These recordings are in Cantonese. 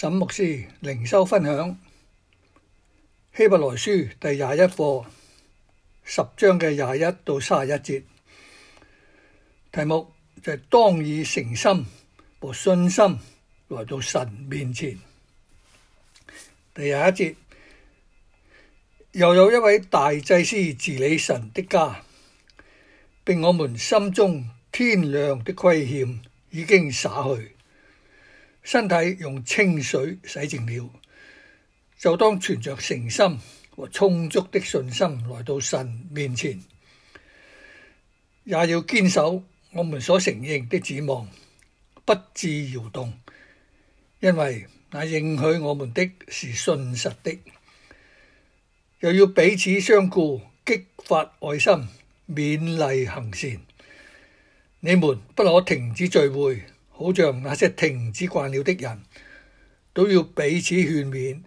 沈牧師靈修分享希伯來書第廿一課十章嘅廿一到卅一節，題目就係、是、當以誠心和信心來到神面前。第廿一節，又有一位大祭司治理神的家,並我們心中天良的虧欠已經灑去。身體用清水洗淨了，就當存着誠心和充足的信心來到神面前，也要堅守我們所承認的指望，不至搖動，因為那應許我們的是信實的。又要彼此相顧，激發愛心，勉勵行善。你們不可停止聚會。好像那些停止慣了的人，都要彼此勸勉，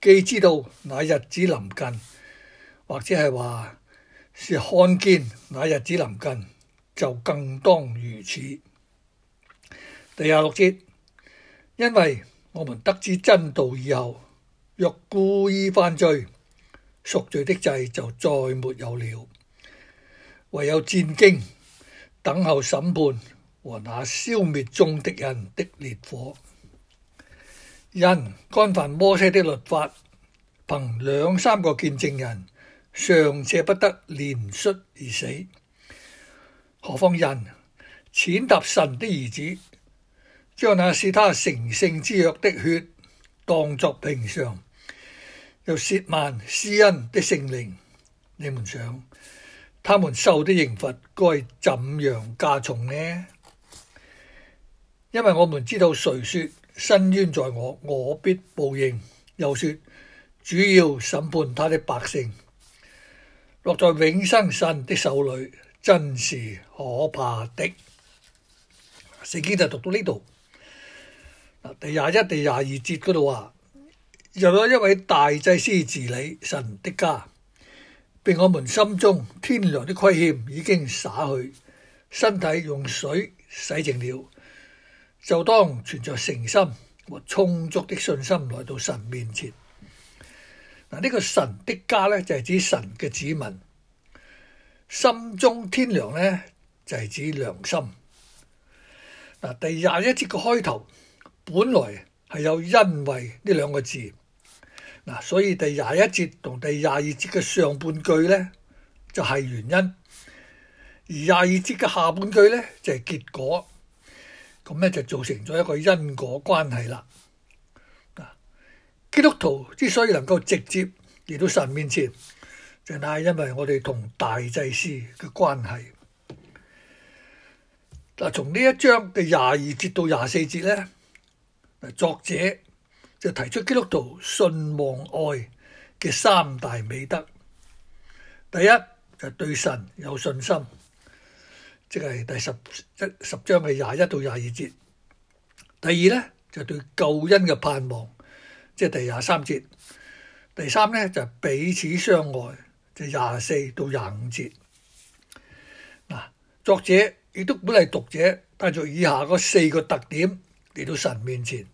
既知道那日子臨近，或者係話是看見那日子臨近，就更當如此。第廿六節，因為我們得知真道以後，若故意犯罪，贖罪的祭就再沒有了，唯有戰驚，等候審判，和那消滅眾敵人的烈火，人干犯摩西的律法，憑兩三個見證人尚且不得憐恤，而死，何況人踐踏神的兒子，將那是他成聖之約的血當作平常，又褻慢施恩的聖靈。你們想，他們受的刑罰該怎樣加重呢？因為我們知道誰，誰說伸冤在我，我必報應；又說主要審判他的百姓，落在永生神的手裏，真是可怕的。聖經就讀到呢度嗱，第廿一、第廿二節嗰度話，又有一位大祭司治理神的家，被我們心中天良的虧欠已經灑去，身體用水洗淨了。就當存在誠心和充足的信心來到神面前。嗱、這個，呢個神的家咧就係、是、指神嘅子民，心中天良咧就係、是、指良心。嗱，第廿一節嘅開頭本來係有因為呢兩個字，嗱，所以第廿一節同第廿二節嘅上半句咧就係、是、原因，而廿二節嘅下半句咧就係、是、結果。咁咧就造成咗一個因果關係啦。啊，基督徒之所以能夠直接嚟到神面前，就係因為我哋同大祭司嘅關係。嗱，從呢一章嘅廿二節到廿四節咧，嗱，作者就提出基督徒信望愛嘅三大美德。第一就對神有信心。即係第十一十章嘅廿一到廿二節。第二咧就對救恩嘅盼望，即係第廿三節。第三咧就係彼此相愛，就係廿四到廿五節。嗱、啊，作者亦都本嚟讀者帶住以下嗰四個特點嚟到神面前。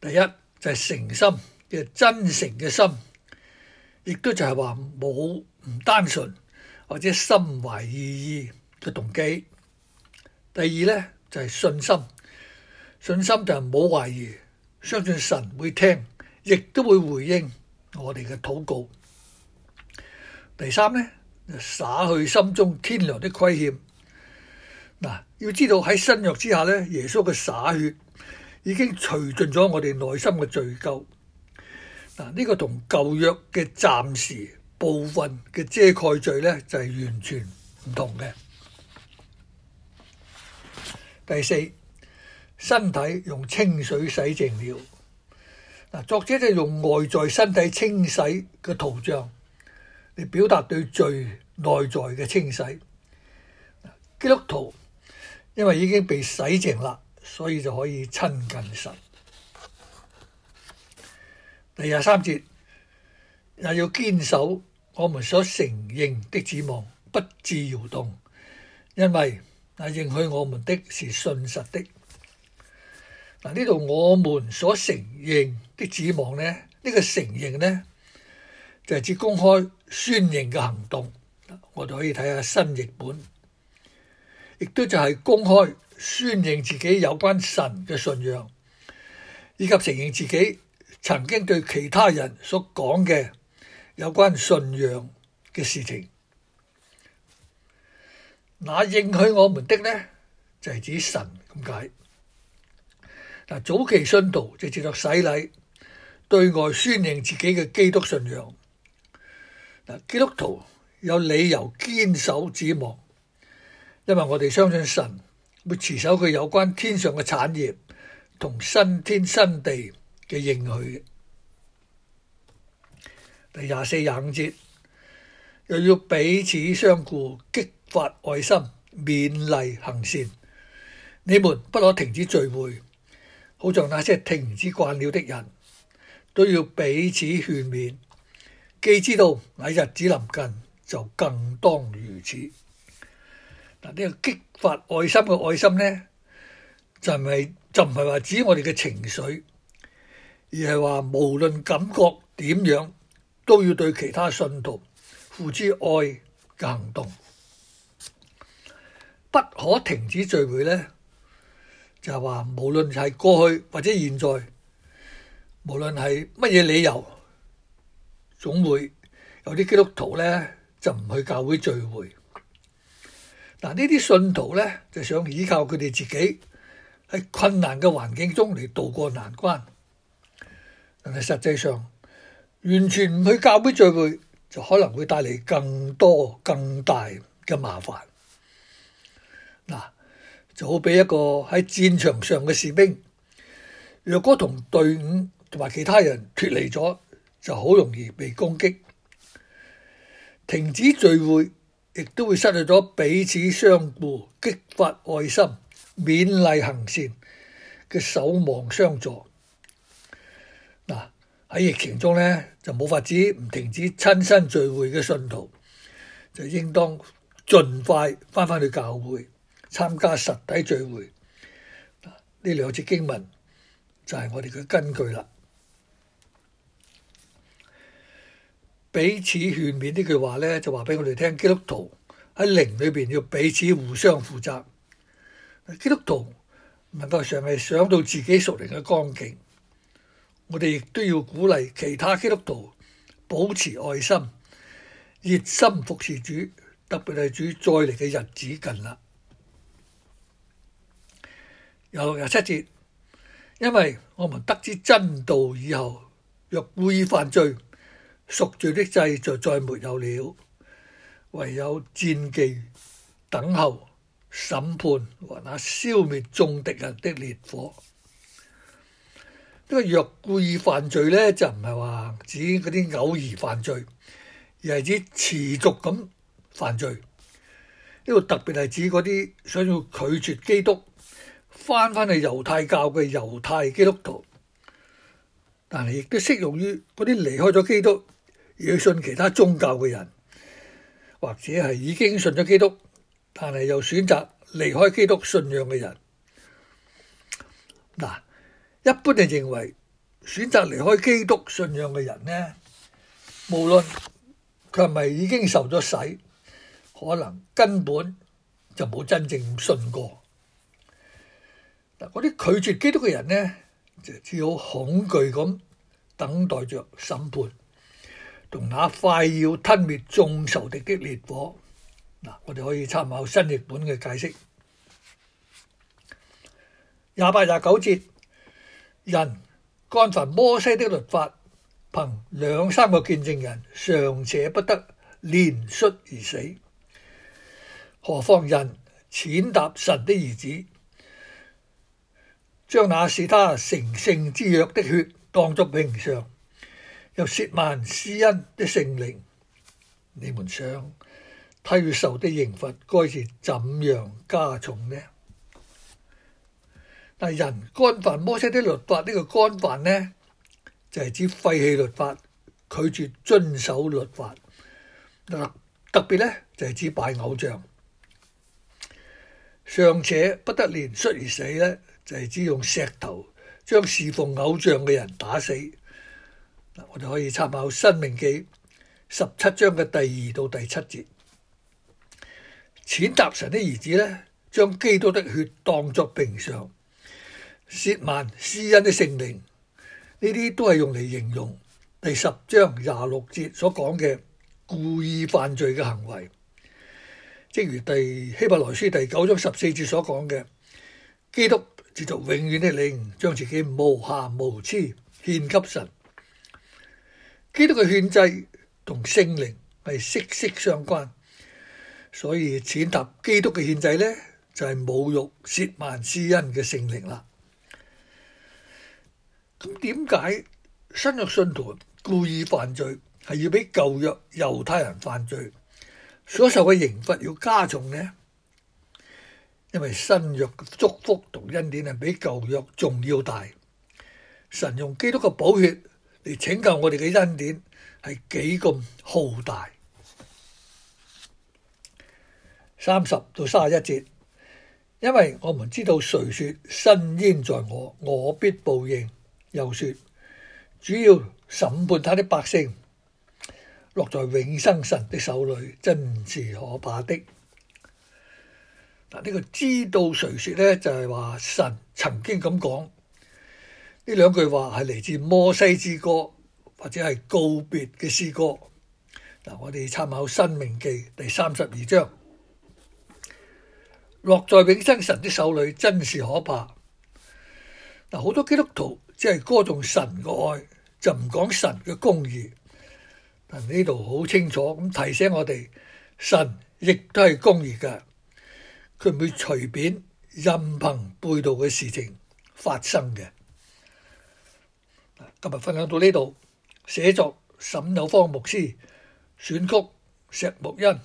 第一就係誠心，即係真誠嘅心，亦都就係話冇唔單純或者心懷異意嘅動機，第二呢，就係信心，信心就係唔好懷疑，相信神會聽，亦都會回應我哋嘅禱告。第三呢，就撒去心中天良的虧欠。嗱，要知道喺新約之下呢，耶穌嘅撒血已經除盡咗我哋內心嘅罪咎。嗱，呢個同舊約嘅暫時部分嘅遮蓋罪呢，就係完全唔同嘅。第四，身體用清水洗淨了。嗱，作者就用外在身體清洗嘅圖像嚟表達對最內在嘅清洗。基督徒因為已經被洗淨啦，所以就可以親近神。第二十三節，也要堅守我們所承認的指望，不至搖動，因為。啊！應許我們的，是信實的。嗱，呢度我們所承認的指望呢，呢個承認呢，就係指公開宣認嘅行動。我哋可以睇下新譯本，亦都就係公開宣認自己有關神嘅信仰，以及承認自己曾經對其他人所講嘅有關信仰嘅事情。那應許我們的呢，就係、是、指神咁解。嗱，早期信徒就接作洗禮，對外宣認自己嘅基督信仰。嗱，基督徒有理由堅守指望，因為我哋相信神會持守佢有關天上嘅產業同新天新地嘅應許。第廿四廿五節，又要彼此相顧，激。發愛心、勉勵行善，你們不可停止聚會，好像那些停止慣了的人，都要彼此勸勉。既知道那日子臨近，就更當如此。嗱，呢個激發愛心嘅愛心呢，就唔係就唔係話指我哋嘅情緒，而係話無論感覺點樣，都要對其他信徒付之愛嘅行動。不可停止聚會咧，就話無論係過去或者現在，無論係乜嘢理由，總會有啲基督徒咧就唔去教會聚會。但呢啲信徒咧就想倚靠佢哋自己喺困難嘅環境中嚟渡過難關，但係實際上完全唔去教會聚會，就可能會帶嚟更多更大嘅麻煩。嗱，就好比一個喺戰場上嘅士兵，若果同隊伍同埋其他人脫離咗，就好容易被攻擊。停止聚會，亦都會失去咗彼此相顧、激發愛心、勉勵行善嘅守望相助。嗱，喺疫情中呢，就冇法子唔停止親身聚會嘅信徒，就應當盡快翻返去教會。參加實體聚會，呢兩節經文就係我哋嘅根據啦。彼此勸勉呢句話咧，就話俾我哋聽，基督徒喺靈裏邊要彼此互相負責。基督徒唔能夠淨係想到自己屬靈嘅光景，我哋亦都要鼓勵其他基督徒保持愛心、熱心服侍主，特別係主再嚟嘅日子近啦。有廿七節，因為我們得知真道以後，若故意犯罪，贖罪的祭就再沒有了，唯有戰懼等候審判或那消滅眾敵人的烈火。呢個若故意犯罪咧，就唔係話指嗰啲偶爾犯罪，而係指持續咁犯罪。呢個特別係指嗰啲想要拒絕基督。翻翻去猶太教嘅猶太基督徒，但係亦都適用於嗰啲離開咗基督而去信其他宗教嘅人，或者係已經信咗基督，但係又選擇離開基督信仰嘅人。嗱，一般嘅認為，選擇離開基督信仰嘅人呢，無論佢係咪已經受咗洗，可能根本就冇真正信過。嗰啲拒絕基督嘅人呢，就只好恐懼咁等待着審判，同那快要吞滅眾仇敵的烈火。嗱，我哋可以參考新譯本嘅解釋，廿八廿九節，人干犯摩西的律法，憑兩三個見證人尚且不得憐恤而死，何況人踐踏神的兒子？將那使他成聖之約的血當作平常，又褻慢施恩的聖靈，你們想他要受的刑罰該是怎樣加重呢？但人干犯摩西的律法乾呢，呢個干犯呢就係、是、指廢棄律法，拒絕遵守律法。特別呢就係、是、指拜偶像，尚且不得憐恤而死咧。就係指用石頭將侍奉偶像嘅人打死。嗱，我哋可以參考《申命記》十七章嘅第二到第七節。踐踏神的兒子咧，將基督的血當作平常，褻慢、施恩的聖靈，呢啲都係用嚟形容第十章廿六節所講嘅故意犯罪嘅行為，正如《第希伯來書》第九章十四節所講嘅基督，繼續永遠的靈，將自己無瑕無疵獻給神。基督嘅獻祭同聖靈係息息相關，所以踐踏基督嘅獻祭呢，就係、是、侮辱褻慢施恩嘅聖靈啦。咁點解新約信徒故意犯罪，係要俾舊約猶太人犯罪所受嘅刑罰要加重呢？因為新約祝福同恩典係比舊約仲要大，神用基督嘅寶血嚟拯救我哋嘅恩典係幾咁浩大。三十到三十一節，因為我們知道誰說伸冤在我，我必報應；又說主要審判他的百姓落在永生神的手裏，真是可怕的。嗱，呢個知道誰說呢？就係、是、話神曾經咁講，呢兩句話係嚟自摩西之歌，或者係告別嘅詩歌。嗱、嗯，我哋參考《新命記》第三十二章，落在永生神的手裏，真是可怕。嗱，好、嗯、多基督徒即係歌頌神嘅愛，就唔講神嘅公義。但呢度好清楚咁提醒我哋，神亦都係公義嘅。佢唔會隨便任憑背道嘅事情發生嘅。今日分享到呢度。寫作沈有芳牧師，選曲石木欣，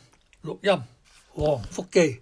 錄音黃福記。